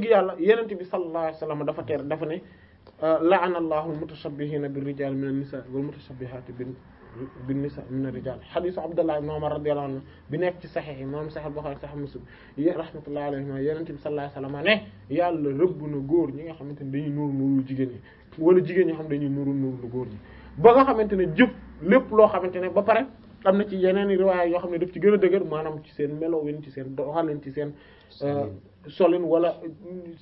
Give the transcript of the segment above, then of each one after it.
deug yàlla yenente bi sallallahu alayhi wasallam dafa ter dafa ne la'ana allahu al-mutashabbihina bir-rijal min an-nisa wal-mutashabbihati bin nisa min ar-rijal hadith Abdullah ibn Umar radiyallahu anhu bi nek ci sahih mom Sahih Bukhari Sahih Muslim yi rahmatullahi alayhi wa yenente bi sallallahu alayhi wasallam ne yàlla rëbb na góor ñi nga xamanteni dañuy nuru nuru jigéen yi wala jigéen yi xam dañuy nuru nuru lu góor yi ba nga xamanteni jup lépp lo xamanteni ba pare amna ci yeneen riwaya yo xamne daf ci gëna deugër manam ci seen melo wen ci seen doxalin ci seen Euh, solin wala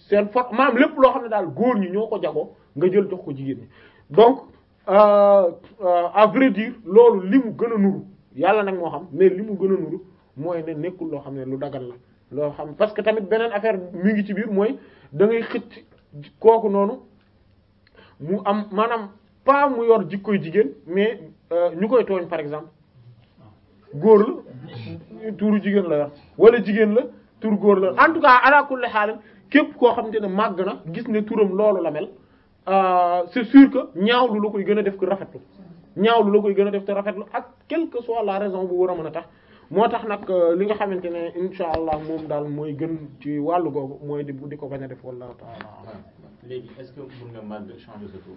seen for maam lépp loo xam ne daal góor ñi ñoo ko jago nga jël jox ko jigéen ñi donc euh, euh, à vrai loolu li mu gën a nuru yàlla nag moo xam mais li mu gën a nuru mooy ne nekkul loo xam ne lu dagal la loo xam parce que tamit beneen affaire mi ngi ci biir mooy da ngay xëcc kooku noonu mu am maanaam pas mu yor jikkoy jigéen mais ñu koy tooñ par exemple góor la tuuru jigéen la yor wala jigéen la tour góor la en tout cas ala kul hal kep ko xamantene ne na gis ne touram lolu la mel euh c'est sûr que ñaawlu lu koy gëna def ko rafetlu ñaawlu lu koy gëna def te rafetlu ak quelle que soit la raison bu wara mëna tax motax nak li nga xamantene inshallah mom dal moy gën ci walu gogo moy di ko bañ def wallahu taala legui est est-ce que mën nga màgg changer ce tour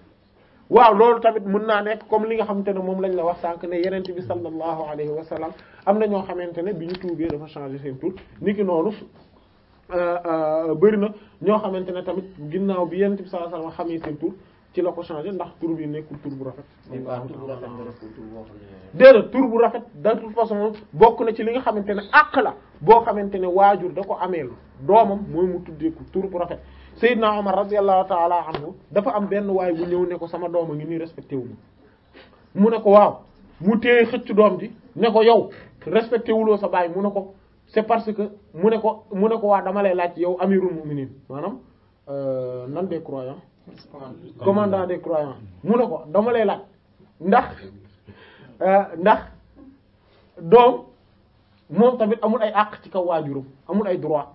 waaw loolu tamit mun naa nekk comme li nga xamante ne moom lañu la wax sànq ne yenent bi sallallahu alayhi wa sallam am na ñoo xamante ne bi ñu tuubee dafa changer seen tur niki noonu euh, euh, bëri na ñoo xamante ne tamit ginnaaw bi yenent bi sallallahu alayhi wa sallam xamee seen tur ci la ko changer ndax tur bi nekkul tur bu rafet. déedéet tur bu rafet de toute façon bokk na ci li nga xamante ne àq la boo xamante ne waajur da ko ameel doomam mooy mu tuddee ko tur bu rafet. Seydina Omar radiyallahu taala anhu dafa am benn waay bu ñëw ne ko sama doom a ngi nii respecté mu ne ko waaw mu téye xëcc doom ji ne ko yow respecté wuloo sa baay mu ne ko c'est parce que mu ne ko mu ne ko waa dama lay laaj yow amirul mu'minin maanaam euh, nan des mu ne ko dama lay ndax euh, ndax doom moom tamit amul ay àq ci kaw waajuram amul ay droit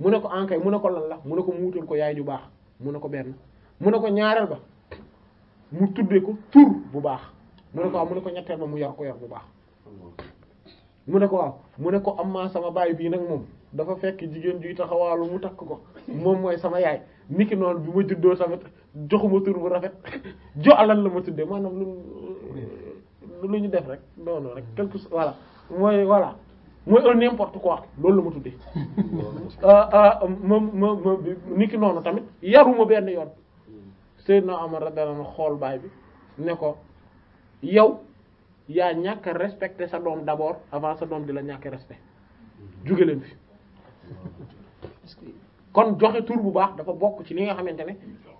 Muna ko ankay mu ko lan la mu ko mu ko yaay ju bax mu ko benn muna ko ñaareel ba mu tuddé ko tur bu bax mu ko muna ko ñetteel ba mu yar ko yar bu bax mu ko muna ko amma sama baay bi nak mom dafa fekk jigen juy taxawalu mu tak ko mom moy sama yaay niki non bi ma juddoo sama joxuma tur bu rafet jo alal la ma tuddé manam lu lu ñu def rek non non rek quelque voilà moy voilà mooy un n'importe quoi loolu la ma tuddee euh, euh, ma ma ma ni noonu tamit yaruma benn yoon Seydina Omar radiyallahu anhu xool baay bi ne ko yow yaa ñàkk a respecté sa doom d'abord avant sa doom di la ñàkk respect jóge leen fi kon joxe tur bu baax dafa bokk ci li nga xamante ne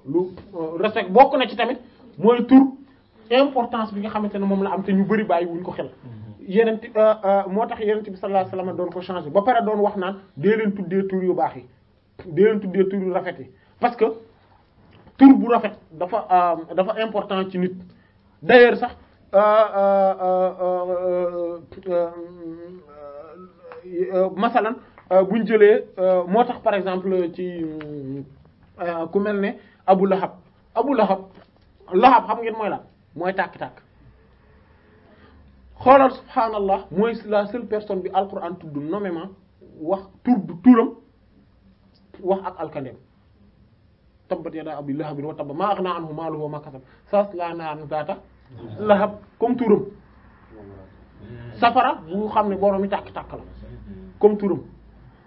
lu euh, respect bokk na ci tamit mooy tur importance bi nga xamante ne moom la am te ñu bari bàyyi wuñ ko xel yenenti euh, euh, alayhi ko changer ba wax yu parce que tout bu rafet dafa euh, dafa important ci nit d'ailleurs sax masalan par exemple ci ku melné abou Lahab Lahab Lahab xam ngeen xoolal subhanallah mooy la seule personne bi alquran tudd nommément wax tur turam wax ak alkandem tabbat yada abi lahabin wa tabba ma aghnaa anhu maluhu wa ma kasab sayaslaa naaran zaata lahab comme turum safara bu xam ne borom tak takk la comme turum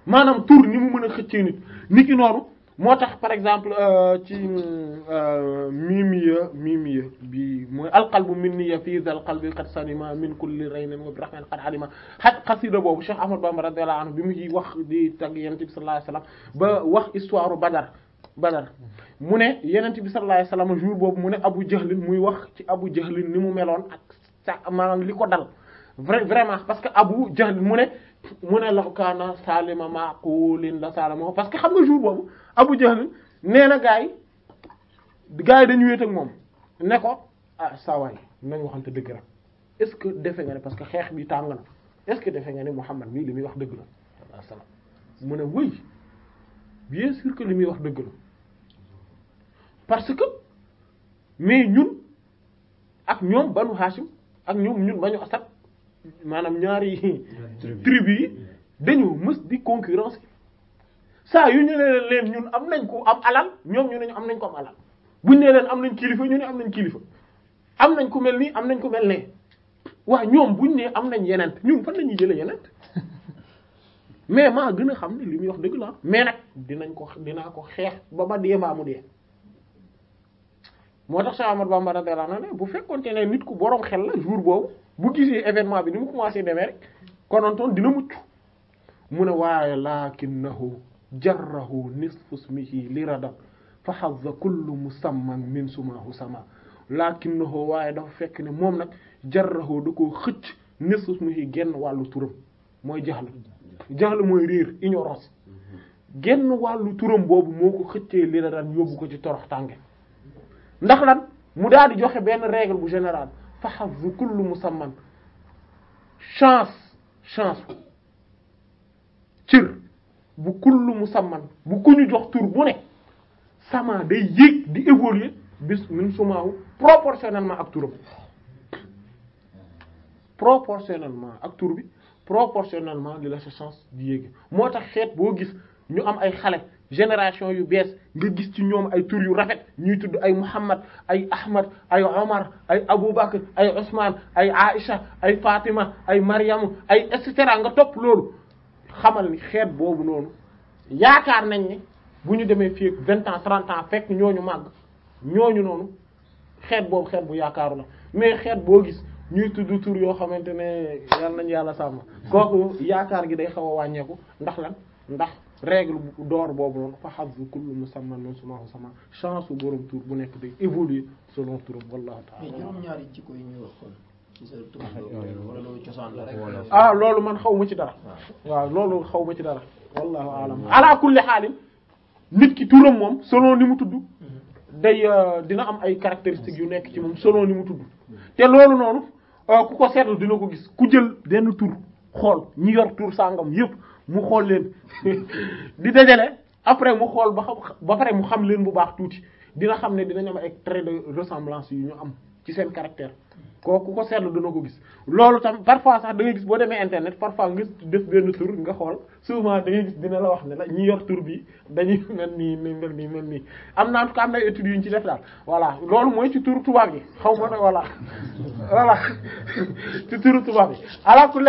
maanaam tur ni mu mën a xëccee nit niki noonu motax par exemple euh ci euh mimiya mimiya bi moy mooy alqalbu minniya fi zal qalbi qad salima min kulli raynin wa rahman qad alima xaj qasida bobu Cheikh Ahmad Bamba radhiyallahu anhu bimu ci wax di tag yenenbi bi sallallahu alayhi wasallam ba wax histoire Badar Badar mune yenenbi yonent sallallahu alayhi wasallam jour bobu mune Abu Jahlin muy wax ci Abu Jahlin ni mu melone ak manam liko dal vraiment parce que Abu Jahlin mune mu ne law kaana salima maqulin la salama parce que xam nga jour boobu Abu Jahl nee na gars yi dañu wéet ak moom ne ko ah sawaay nañ waxante dëgg rek est-ce que defe nga ne parce que xeex mi tàng na est-ce que defe nga ne Muhammad mii li muy wax dëgg la mu ne oui bien sûr que li muy wax dëgg la parce que mais ñun ak ñoom banu Hashim ak ñoom ñun bañu asat maanaam ñaari tribu yi dañu mës di concurrence saa yu ñu ne leen ñun am nañ ko am alal ñoom ñu ne ñu am nañ ko am alal buñ ne leen am nañ kilifa ñu ne am nañ kilifa am nañ ko mel nii am nañ ku mel ne waaw ñoom buñ ne am nañ yeneen ñun fan la ñuy jëlee yeneen mais maa gën a xam ne li muy wax dëgg la mais nag dinañ ko dinaa ko xeex ba ma dee mbaa mu dee moo tax Cheikh Ahmadou Bamba radiyallahu anhu bu fekkoonte ne nit ku borom xel la jour boobu bu gisee événement bi ni mu commencé démé rek konon ton dina muccu mu ne waaye lakinnahu jarrahu nisfu ismihi lirada fa hazza kullu musamman min sumahu sama lakinnahu waaye dafa fekk ne mom nak jarrahu da koo xëcc nisfu ismihi genn walu turum moy jahlu jahlu moy rir ignorance genn walu turum bobu moko xecce lirada yóbbu ko ci torox tànge ndax lan mu daal di joxe ben règle bu générale kullu chance chance tur bu kullu musamman bu jox bu sama day di bis min proportionnellement ak proportionnellement ak proportionnellement la chance di motax gis génération yu bees nga gis ci ñoom ay tur yu rafet ñuy tudd ay Muhammad ay Ahmad ay Omar ay Aboubacar ay Ousmane ay Aïcha ay Fatima ay Mariam ay et nga topp loolu xamal ni xeet boobu noonu yaakaar nañ ni bu ñu demee fii ak vingt ans trente ans fekk ñooñu màgg ñooñu noonu xeet boobu xeet bu yaakaaru la mais xeet boo gis ñuy tudd tur yoo xamante ne yal nañu yàlla sàmm kooku yaakaar gi day xaw a wàññeeku ndax lan ndax règle d'or bobu non fa xazu kullu musamman noonu sumahu sama chance su borom tour bu nek day évoluer selon tour wallahu taala. mais juróom-ñaari jikko yi ñuy wax kon. ah lolu man xawma ci dara. waaw lolu xawma ci dara. wallahu alam ala kulli halin nit ki touram mom selon ni mu tuddu day dina am ay caractéristiques yu nek ci mom selon ni mu tuddu te lolu noonu ku ko sétlu dina ko gis ku jël benn tour xol ñi yor tour sangam yépp mu xool leen di dajale après mu xool ba xam ba pare mu xam leen bu baax tuuti dina xam ne dinañ am ay traits de ressemblance yu ñu am ci seen caractère kooku ko seetlu dana ko gis loolu tam parfois sax da ngay gis boo demee internet parfois nga def benn tur nga xool souvent da ngay gis dina la wax ne la ñi yor tour bi dañuy mel nii mel nii mel nii am na en tout cas am na études yu ñu ci def daal voilà loolu mooy ci turu tubaab yi xaw ma ne voilà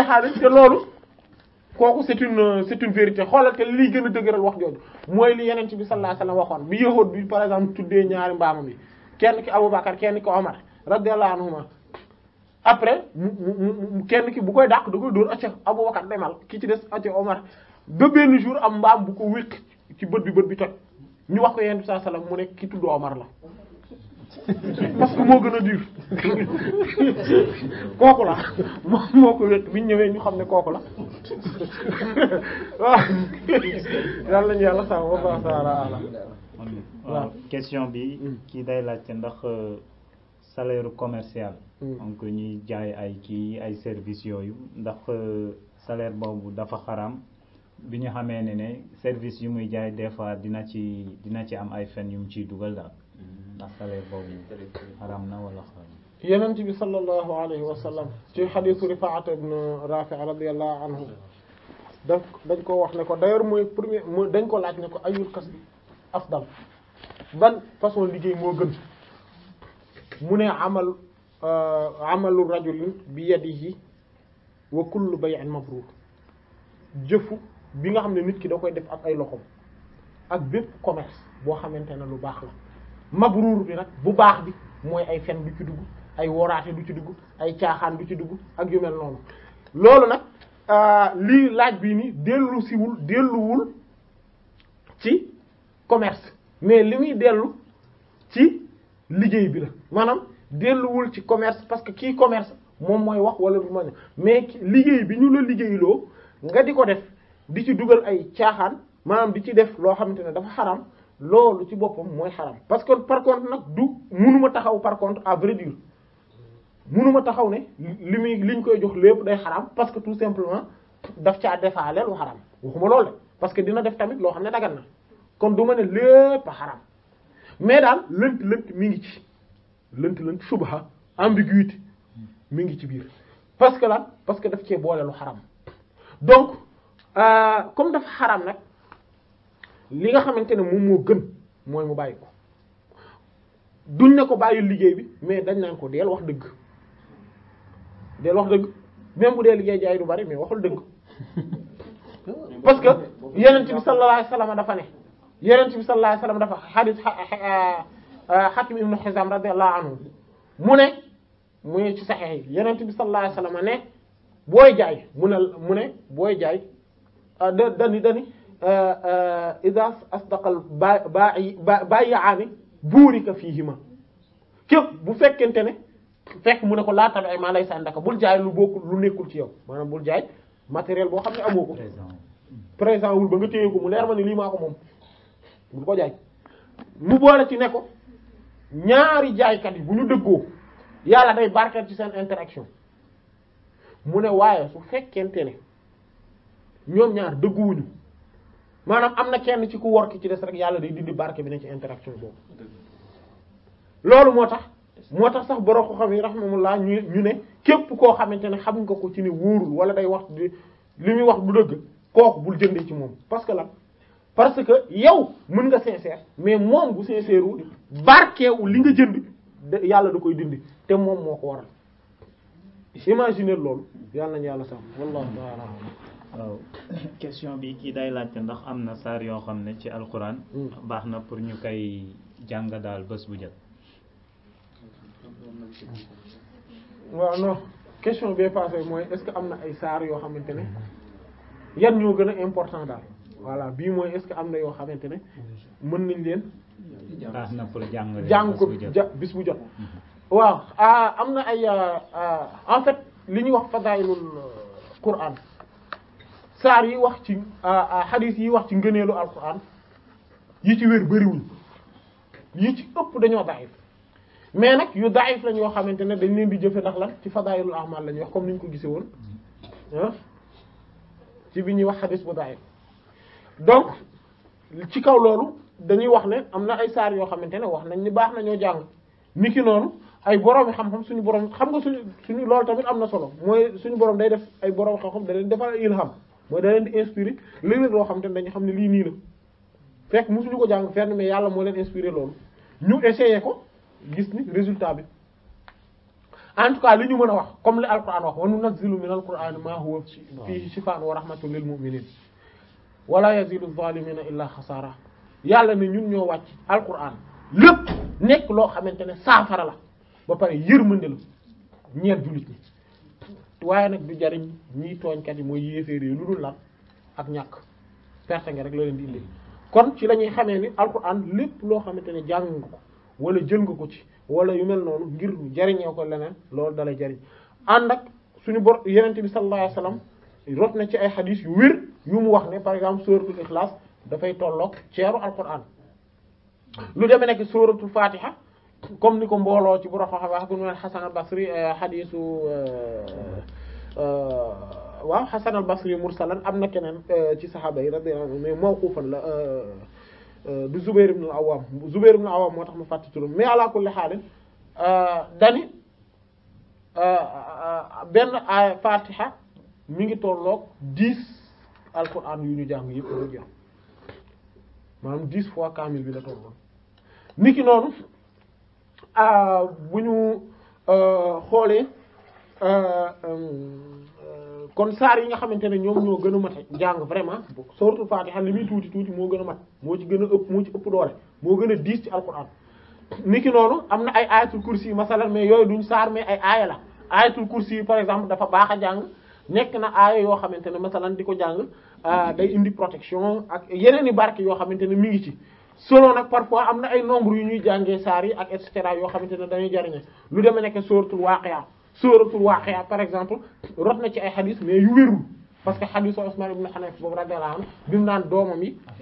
voilà kooku c'est une euh, c'est une vérité xoolal te lii gën a dëgëral wax jooju mooy li yeneen ci bi sallallahu alayhi wa sallam waxoon bi yahood bi par exemple tuddee ñaari mbaamam yi kenn ki Aboubacar kenn ki Omar radiyallahu anhuma après mu kenn ki bu koy dàq da koy dóor acca Aboubacar demal ci des acca Omar ba benn am mbaam bu ko wéq ci bët bi bët bi toj ñu wax ko yeneen bi sallallahu alayhi wa sallam la parce moo gën a dur kooku la moo moo ko wéq bi ñëwee ñu xam ne kooku la waaw yal nañu yàlla sàmm ba baax saara waaw question bi kii day laajte ndax euh, salaire commercial mm. donc ñuy jaay ay kii ay service yooyu ndax euh, salaire boobu dafa xaram bi ñu xamee ne ne service yu muy jaay des fois dina ci dina ci am ay fen yu mu ciy dugal daal mm. ndax salaire boobu xaram na wala xaram yonent bi sallallahu alayhi wa sallam ci hadith Rifaat ibn Rafi radiyallahu anhu dagn ko wax ne ko d'ailleurs moy premier dagn ko laaj ne ko ayul kas afdal ban façon liggéey mo geun mune amal amalu rajul bi yadihi wa kullu bay'in mabrur jeufu bi nga xamne nit ki da koy def ak ay loxom ak bépp commerce bo xamantene lu bax la mabrur bi nak bu bax bi moy ay fen bi ci dugg ay woraate du ci dugg ay caaxaan du ci dugg ak yu mel noonu loolu nag euh, lii laaj bi nii dellu siwul delluwul ci commerce mais li muy dellu ci liggéey bi la maanaam delluwul ci commerce parce que kii commerce moom mooy wax wala du ma mais liggéey bi ñu la liggéeyloo nga di ko def di ci dugal ay caaxaan maanaam di ci def loo xamante ne dafa xaram loolu ci boppam mooy xaram parce que par contre nag du mënuma taxaw par contre à vrai dire mënuma taxaw ne li muy liñ koy jox lépp day xaram parce que tout simplement daf caa defaale lu xaram waxuma loolu parce que dina def tamit loo xam ne dagan na kon du ma ne lépp a mais daal lënt lënt mi ngi ci lënt lënt subha ambiguïté mi ngi ci biir parce que lan parce que daf cee boole lu xaram donc euh, comme dafa xaram nag li nga xamante ne moom moo gën mooy mu bàyyi duñ ne ko bàyyi liggéey bi mais dañ naan ko deel wax dëgg del wax dëgg même bu dee li ngay jaay du bari mais waxul dëgg parce que yenent bi sallallahu alayhi wasallam dafa ne yenent bi sallallahu alayhi wasallam dafa hadith Hakim ibn Hizam radiyallahu anhu mu ne muy ci saxex yi yenent bi sallallahu alayhi wasallam ne booy jaay mu ne mu ne booy jaay ah, da dani dani ah, ah, idas asdaqal ba ba bàyyi aani buurika fiihima képp bu fekkente ne fekk mu ne ko laa tabi ay maa lay sàndaka bul jaay lu bokkul lu nekkul ci yow maanaam bul jaay matériel boo xam ne amoo ko présent wul ba nga téye ko mu leer ma ne lii maa ko moom bul ko jaay mu boole ci ne ko ñaari jaaykat yi bu ñu dëggoo yàlla day barkeel ci seen interaction mu ne waaye su fekkente ne ñoom ñaar dëgguwuñu maanaam am na kenn ci ku wor ki ci des rek yàlla day dindi barke bi ne ci interaction boobu loolu moo tax moo tax sax borom ko xam yi rahimahullah ñu ñu ne képp koo xamante ne xam nga ko ci ne wóorul wala day wax li muy wax du dëgg kooku bul jëndee ci moom parce que la parce que yow mën nga sincère mais moom bu sincère wu barkeewu li nga jënd yàlla du koy dindi te moom moo ko waral imaginer loolu yàlla nañu yàlla sax wallahu waaw question bi kii day laajte ndax am na saar yoo xam ne ci alquran hmm. baax na pour ñu koy jàng daal bés bu jot waaw non question bee passé mooy est-ce que am na ay saar yoo xamante ne yan ñoo gën a important daal voilà bii mooy est que am na yoo xamante ne mën nañ leen jàng ko bis bu jot waaw a ah, am na ay ah, ah, en fait li ñuy wax fadailul euh, Qur'an saar yi wax ci hadith yi wax ci ngëneelu al Qur'an yi ci wér bëriwul yi ci ëpp dañoo daif mais nag yu daif lañ yoo xamante ne dañ leen di jëfe ndax la ci fadaayilul a'mal lañ wax comme ni ñu ko gisee woon ci bi ñuy wax xadis bu daif donc ci kaw loolu dañuy wax ne am na ay saar yoo xamante ne wax nañ ni baax na ñoo jàng niki ay borom xam-xam suñu borom xam nga suñu suñu loolu tamit am na solo mooy suñu borom day def ay borom xam-xam da leen defal ilham mooy da leen di inspiré léeg-léeg loo xam te ne dañu xam ne lii nii la fekk mosuñu ko jàng fenn mais yàlla moo leen inspiré loolu ñu essayé ko. gis ni résultat bi en tout cas li ñu mën a wax comme li alquran wax wa nunazzilu min alqurani ma huwa fihi shifaan wa rahmatun lil mu'minin wala yazidu zalimina illa xasaara yàlla ne ñun ñoo wàcc alquran lépp nekk loo xamante ne saafara la ba pare yërmande la ñeent jullit ñi waaye nag du jariñ ñiy tooñkat yi mooy yéeféer lu dul lan ak ñàkk perte nga rek la leen di indi kon ci la ñuy xamee ni alquran lépp loo xamante ne jàng nga ko wala jël nga ko ci wala yu mel non ngir lu ko lenen loolu dalay jariñ andak suñu bor yenenbi bi sallallahu alayhi wasallam rot na ci ay hadith yu wir yu mu wax ne par exemple suratul ikhlas da dafay tolloog ceeru alquran lu démé nek suratul fatiha comme niko mbolo ci bu rafa wax bu ñu mel al basri xadisu wa hasan al basri mursalan amna kenen ci sahaba yi radiyallahu anhu mawqufan la Euh, du Zubair ibn al-Awwam Zubair ibn moo tax mu fàtte turam mais ala kulli xaalin euh, euh, benn aaya fatiha mi ngi tolloog dix alquran yu ñu jàng yëpp lu jeex maanaam dix fois kaamil bi la tolloog niki noonu bu ñu xoolee kon saar yi nga xamante ne ñoom ñoo gën a mat jàng vraiment suratul Fatiha li muy tuuti tuuti moo gën a mat moo ci gën a ëpp moo ci ëpp doole moo gën a diis ci alquran niki noonu am na ay ayatul kursi yi masalan mais yooyu duñ saar ay aaya la ayatul kursi yi par exemple dafa baax a jàng nekk na aaya yoo xamante ne masalan di ko jàng euh, day indi protection ak yeneen i barke yoo xamante ne mi ngi ci selon nag parfois am na ay nombre yu ñuy jàngee saar yi ak et cetera yoo xamante ne dañuy jariñe lu demee nekk suratul Waqi'a sóoratul waaqi'a par exemple rot na ci ay xadis mais yu wérul parce que xadisu Usman ibn Hanaf boobu naan doomam yi ah,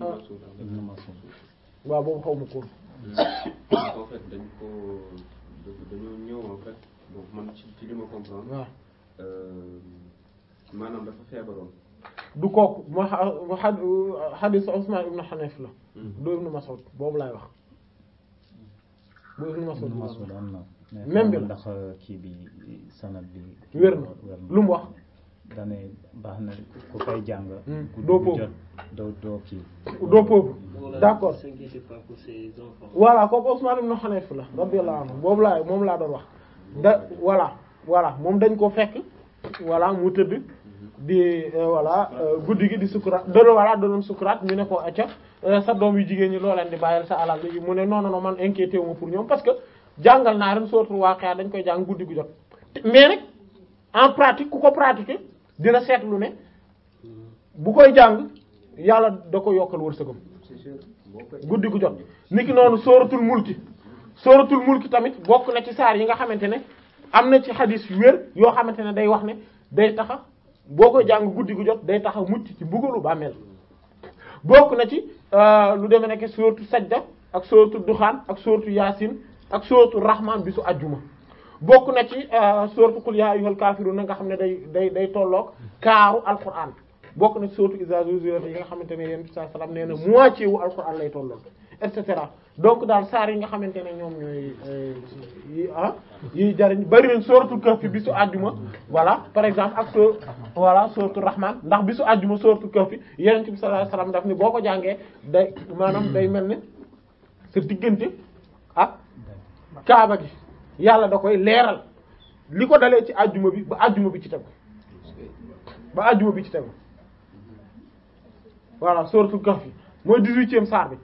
ah. Ah. waaw boobu maanaam dafa feebaroon du kooku la hmm. doo ibn Mas'ud boobu laay wax bu ndax euh, kii bi sanad bi wér na lu mu wax dane baax na ku koy jàng hmm. doo pauvre doo doo kii doo pauvre d'accord voilà kooku Ousmane ibn Hanif la radiyallahu anhu boobu laa moom laa doon wax da voilà voilà moom dañ koo fekk voilà mu tëdd di euh, voilà euh, guddi gi di sukuraat doon voilà doon sukuraat ñu ne ko acca Eh, sa doom yu jigéen ñi loo leen di bàyyil sa alal léegi mu ne non non man inquiété wu ma pour ñoom parce que jàngal naa ren sootul waa xeer dañ koy jàng guddi gu jot. mais nag en pratique ku ko pratiquer dina seetlu ne bu koy jàng yàlla da ko yokkal wërsëgam. guddi gu jot niki noonu sooratul mulki sooratul mulki tamit bokk na ci saar yi nga xamante ne am na ci xadis yu wér yoo xamante ne day wax ne day taxa boo koy jàng guddi gu jot day taxa mucc ci mbugalu bàmmeel bokk na ci euh, lu demee nekk sóortu sajda ak sóortu duxaan ak sóortu yaasin ak sóortu rahman bi su ajjuma bokk na ci euh, sóortu qul yaa ayyuhal kaafiruun nga xam ne day day day tolloog kaaru alquran bokk na ci sóortu izaa zulzilat yi nga xamante ne yéen bi saa salaam nee na moitié wu alquran lay tolloog et cetera donc daal sar yi nga xamante ñom ñoy euh, yi ah yi jariñ bari nañ suratul Kahf bi bisu aduma voilà par exemple ak so voilà suratul Rahman ndax bisu àjjuma sóoratu Kahf Yonent bi sallallahu alayhi wasallam daf ni boko jange jàngee day maanaam day mel ne sa diggante ak kaaba gi yalla da koy leeral liko dalé ci aduma bi ba aduma bi ci tegu ba aduma bi ci tegu voilà suratul Kahf mooy dix-huitième saar bi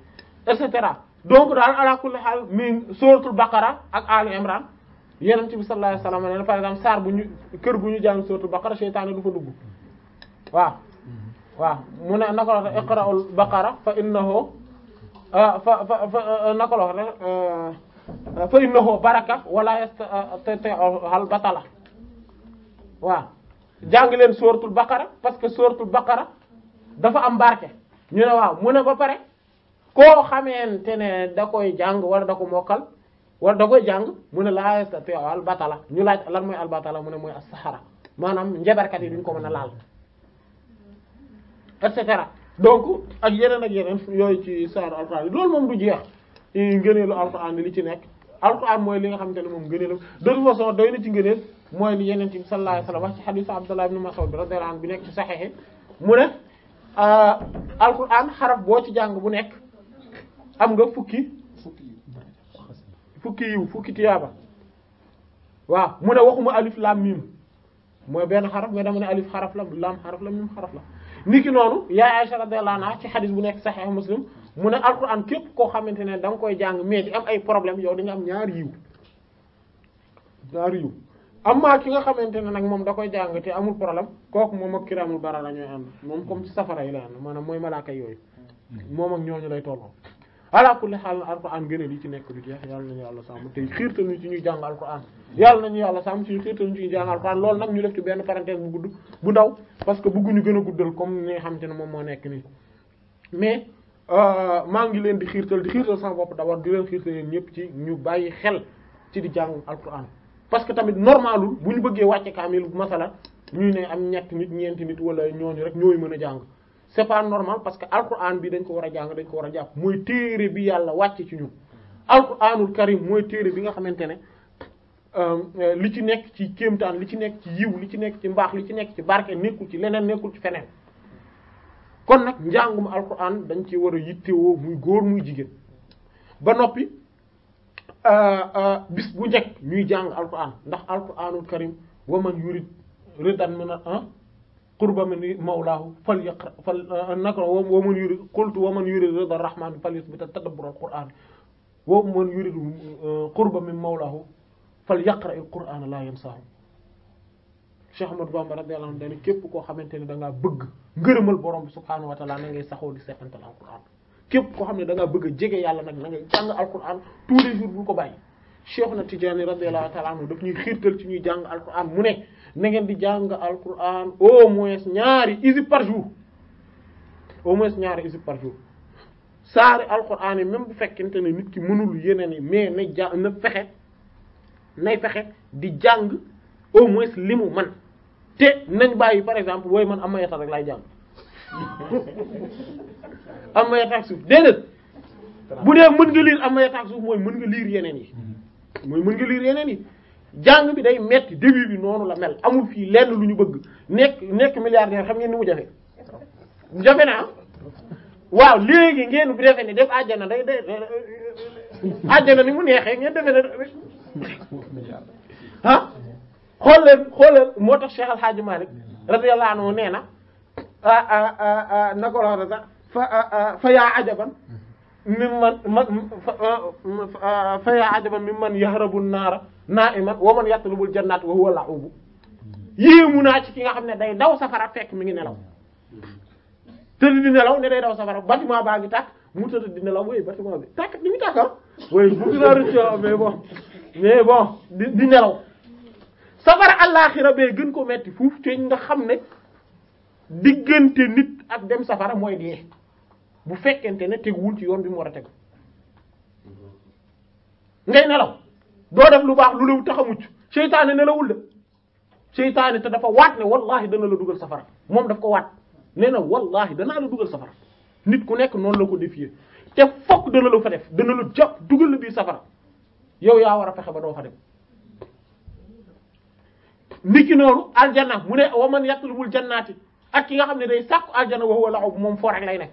et cetera donc daal ala kulli xaal mi suratul baqara ak ali imran yenent bi sallallahu alayhi wasallam ne par exemple saar bu ñu kër gu ñu jàng suratul baqara seytaane du fa leen suratul baqara parce que suratul baqara dafa mu ne ba pare koo xamante ne da koy jàng wala da ko mokkal wala da koy jàng mu ne laa yastati albatala ñu laaj lan mooy albatala mu ne mooy as-sahara maanaam njabarkat yi duñ ko mën a laal et cetera donc ak yeneen ak yeneen yooyu ci saar alxuraan loolu moom du jeex ngëneelu alxuraan li ci nekk alxuraan mooy li nga xamante ne moom ngëneelu de toute façon doy na ci ngëneel mooy li yeneen ci sallallahu alayhi wasallam wax ci hadith Abdullah ibn Mas'ud radiyallahu anhu bi nekk ci sahih mu ne euh, alxuraan xaraf boo ci jàng bu nekk am nga fukki fukki yiw fukki tiyaaba waaw mu ne waxuma alif lam mim mooy benn xaraf mais dama ne alif xaraf la lam xaraf la mim xaraf la niki noonu yaay Aisha radiyallahu anha ci xadis bu nekk Sahih Muslim mu ne alquran képp koo xamante ne danga koy jàng mais di am ay problème yow di am ñaari yiw ñaari yiw amma ki nga xamante ne nag moom da koy jàng te amul problème kooku moom ak kiramul bara la ñooy ànd moom comme ci safara yi la ànd maanaam mooy malaaka yooyu hmm. moom ak lay tolloo ala kulli hal alquran gene li ci nek du jeex yalla nañu yalla sam te xiirtal ñu ci ñu jang alquran yalla nañu yalla sam ci xiirtal ñu ci jang alquran lool nak ñu def ci ben parenthèse bu gudd bu ndaw parce que bëgguñu gën gëna guddal comme ni nga xamante ne moom moo nekk nii mais euh, maa ngi leen di xiirtal di xiirtal sama bop d'abord di leen xiirtal yéen ñëpp ci ñu bayyi xel ci di jang alquran parce que tamit normalul buñu bëgge wacce kamil masala ñuy ne am ñett nit ñent nit wala ñoñu rek ñoy mëna jang c'est pas normal parce que alquran bi dañ ko war a jàng dañ ko war a jàpp mooy téere bi yàlla wàcc ci ñun alquranul karim mooy téere bi nga xamante ne euh, euh, li ci nekk ci kéemtaan li ci nekk ci yiw li ci nekk ci mbaax li ci nekk ci barke nekkul ci leneen nekkul ci feneen kon nag njàngum alquran dañ ci war a yittewoo muy góor muy jigéen ba noppi euh, bis bu njëkk ñuy jàng alquran ndax alquranul karim waman yurid ridan mën a ah, قرب من مولاه فليقرأ فلنقرأ آه، ومن يريد قلت ومن يريد رضا الرحمن فليثبت التدبر القرآن ومن يريد آه، قرب من مولاه فليقرأ القرآن لا ينساه شيخ محمد بامبر رضي الله عنه داني كيب كو خامتيني داغا بڬ غيرمال بوروم سبحانه وتعالى نغي ساخو دي سيفنتال القرآن كيب كو خامني داغا بڬ جيغي يالا نك نغي جان القرآن طول الجور بوكو باي شيخنا تيجاني رضي الله تعالى عنه داك ني خيرتال سي ني جان القرآن مو na ngeen di jàng alquran au moins ñaari izi par jour au moins ñaari izi par jour saari alquran yi même bu fekkente ne nit ki mënul yeneen yi mais na ja na fexe nay fexe di jàng au moins limu mu man te nañ bàyyi par exemple wooy man am mayata rek laay jàng am mayataak suuf déedéet bu dee mën nga liir am mayataak suuf mooy mën nga liir yeneen yi mm-hmm. mooy mën nga liir yeneen yi jàng bi day metti début bi noonu la mel amul fii lenn lu ñu bëgg nekk nekk milliardaire xam ngeen ni mu jafe jafe naa ah. waaw léegi ngeen bu defee ne def àjjana day àjjana ni mu neexee ngeen defe ne ah xool leen xool leen moo tax Cheikh Al Hadj Malick radiyallahu anhu nee na ah ah ah, ah, ah fa yaa ajaban mimman fa yaa ajaban mimman yahrabu naara naa'iman wa man yatlubul janaat wa huwa la'ubu yéemu naa ci ki nga xam ne day daw safara fekk mi ngi nelaw te di nelaw ne day daw safara bâtiment baa ngi tàkk mu tëdd di nelaw wooyu bâtiment bi tàkk di mu tàkk ah. wooyu bëgg naa rëcc ah, mais bon mais bon di di nelaw safara àllaaxira bee gën ko metti fuuf te nga xam ne diggante nit ak dem safara mooy dee bu fekkente ne teguwul ci yoon bi mu war a teg ngay nelaw doo def lu baax lu lew tax a mucc seytaane nelawul la seytaane te dafa waat ne wallahi dana la dugal safara moom daf ko waat nee na wallahi danaa la dugal safara nit ku nekk noonu la ko défier te fokk dana la fa def dana la jàpp dugal la biir safara yow yaa war a fexe ba doo fa dem ndiki noonu aljanna mu ne waman yatlubul jannaati ak ki nga xam ne day sàkku aljana wa huwa la'ub moom foo lay nekk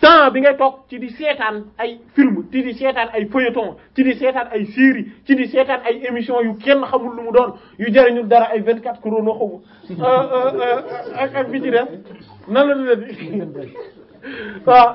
temps bi ngay toog ci di seetaan ay film ci di seetaan ay feuilleton ci di seetaan ay série ci di seetaan ay émission yu kenn xamul lu mu doon yu jëriñu dara ay 24 chrono xaw euh, euh, euh, ak ak bi ci def nan la dina di waaw